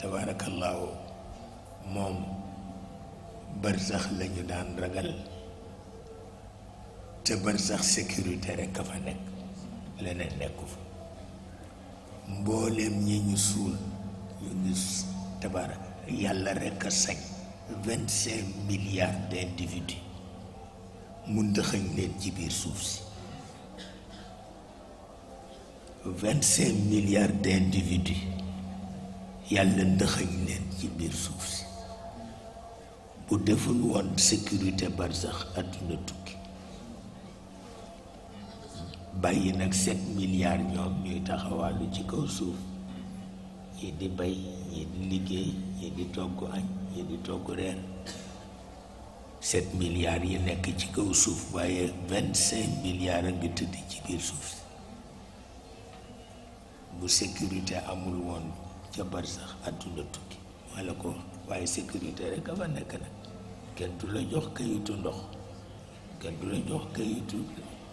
tabaarakallaahu moom barsax lañu daan ragal te barsax sécurité rekk a fa nekk leneen nekku fa mbooleem ñi ñu suul ñu gis tabaara yàlla rekk a sañ vingt cinq milliards mu ndëxëñ leen ci biir suuf si vingt cinq milliards d'individus yàlla ndëxëñ leen ci biir suuf si bu deful woon sécurité barsax àdduna tukki bàyyi nag sept milliards ñoom ñuy taxawaalu ci kaw suuf ñii di bay ñii di liggéey ñii di togg añ ñii di togg reer sept milliards yi nekk ci kaw suuf waaye vingt cinq milliards a ngi tëdd ci biir suuf si bu sécurité amul woon ca bar sax àdduna tukki wala ko waaye sécurité rek a fa nekk nag kenn du la jox kayitu ndox kenn du la jox kayitu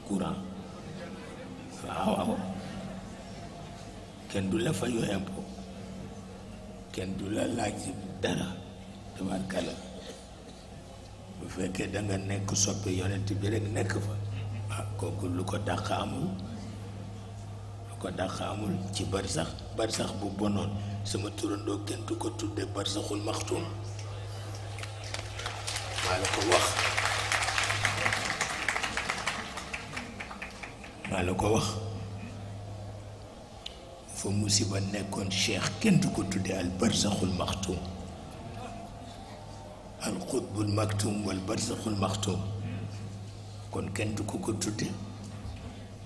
courant waaw waaw kenn du la fayu impôt kenn du la laaj dara tabarkala bu fekkee da nga nekk soppe yonent bi rek nekk fa waaw ah, kooku lu ko dàq amul lu ko dàq amul ci bar sax bu bonoon سما تورندو كنتو كو تود برزخ المختوم مالك واخ مالك فموسي فمصيبة نكون شيخ كنتو كو تود البرزخ المختوم القطب المكتوم والبرزخ المختوم كون كنتو كو تود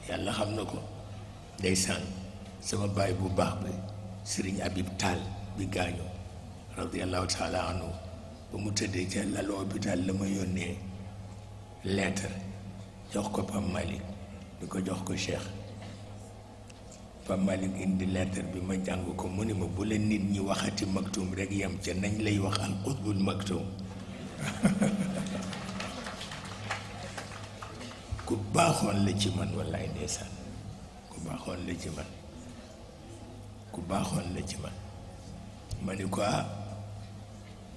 يلا خمنكو ديسان سما باي بو sëriñ Habib Tall bi gaañoo radiallahu taala ba mu tëddee ca lalu hôpital la ma yónnee lettre jox ko Pam Malick di ko jox ko Cheikh Pam Malick indi lettre bi ma jàng ko mu ne ma bu la nit ñi waxati maktum rek yem ca nañ lay wax al qutbul maktum ku baaxoon la ci man wallaay ndeysaan ku baaxoon la ci man ku baaxoon la ci man ma ni ko ah,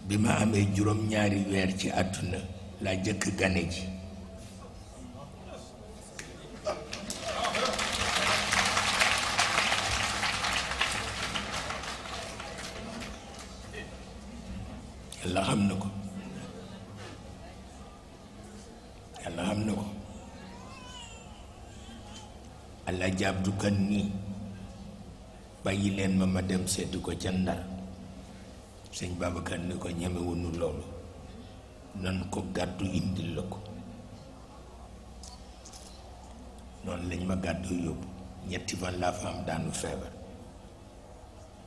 bi ma amee juróom ñaari weer ci àdduna laa jëkk gane yàlla xam na ko yàlla xam na ko allah jaab du kan nii bàyyi leen ma ma dem seetu ko ca ndar sëñ Babacar ni ko ñemewuñu loolu nan ko gàddu indil la ko noonu lañ ma gàddu yóbbu ñetti fan laa fa am daanu feebar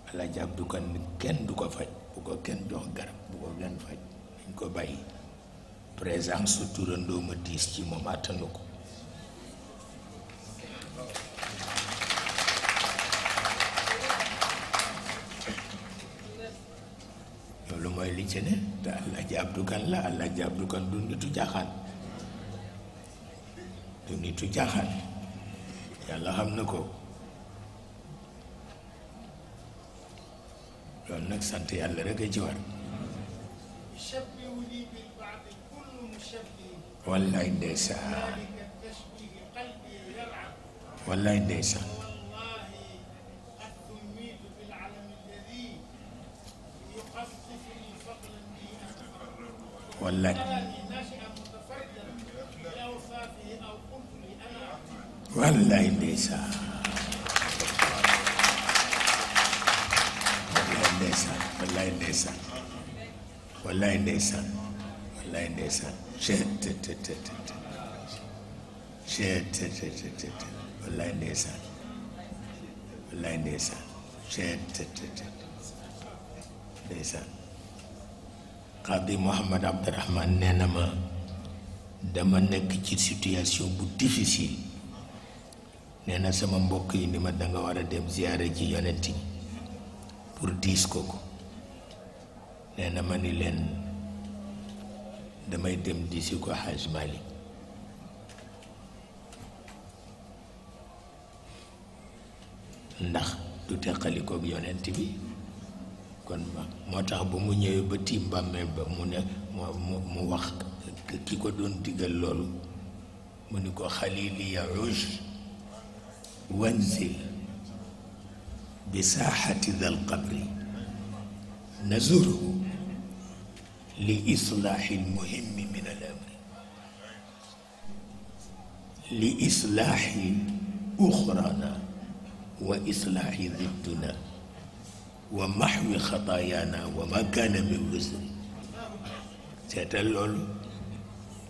ala jàpp du ko kenn du ko faj bu ko kenn jox garab bu ko kenn faj dañ ko bàyyi présence su turandoo ma diis ci moom àttanu ko lu mooy li ci ne te Alaaji Abdu Kan la Alaaji Abdu Kan du nitu jaaxaan du nitu jaaxaan yàlla xam na ko loolu nag sant yàlla rek a ci war wallaay ndeysaan wallaay ndeysaan wallahi wallahi ndeysaan wallahi ndeysaan wallahi ndeysaan wallahi ndeysaan wallahi ndeysaan wallahi ndeysaan wallahi ndeysaan ndeysaan xaadi Mohamed Abdurahman nee na ma dama nekk ci situation bu difficile nee na sama mbokk yi ni ma danga war a dem ziyaare ji yonent yi pour diis ko ko nee na ma ni leen damay dem diisi ko Haj Malik ndax du teqalikook yonent bi kon moo tax ba mu ñëwee ba tiim bàmmeel ba mu ne mu mu wax ki ko doon digal loolu mu ni ko xalili ya uj wanzil bi saaxati dal qabri nazuruhu li islaaxi lmuhimmi min al amri li islaaxi uxrana wa islaaxi didduna wa maxwi xataayaana wa ma kaana min wusri seetal loolu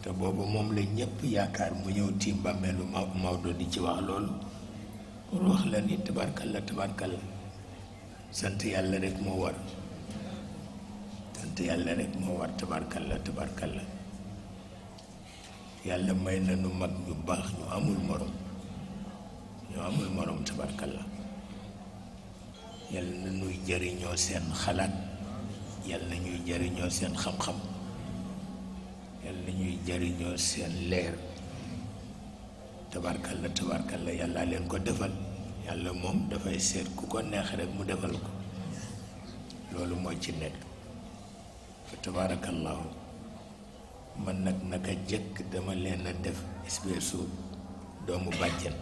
te boobu moom la ñëpp yaakaar mu ñëw tiim ba melu Maodo di ci wax loolu pour wax la ni tabarkalla tabarkalla sant yàlla rek moo war sant yàlla rek moo war tabarkalla tabarkalla yàlla may na nu mag ñu baax ñu amul morom ñu amul morom tabarkalla yal na ñuy jëriñoo seen xalaat yal na ñuy jëriñoo seen xam-xam yal ñuy jariñoo seen leer tabarkalla tabarkalla yàlla leen ko defal yàlla moom dafay seet ku ko neex rek mu defal ko loolu moo ci nekk fa tabarakallahu man nag naka jëkk dama leen a def espèce doomu bàjjen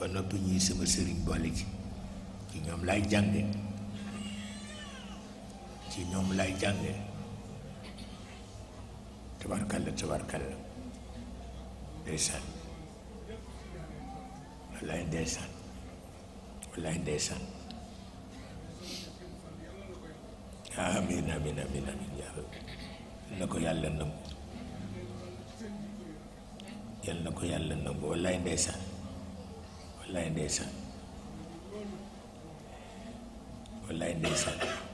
ba noppi ñuy sama sëriñ boole ci ci ñoom lay jànge ci ñoom lay jànge tabarkalla tabarkalla ndeysaan wallaay ndeysaan wallaay ndeysaan amin amin amin amin yàlla na ko yàlla nangu yàlla na ko yàlla nangu wallaay ndeysaan wallaay ndeysaan Allein deshalb.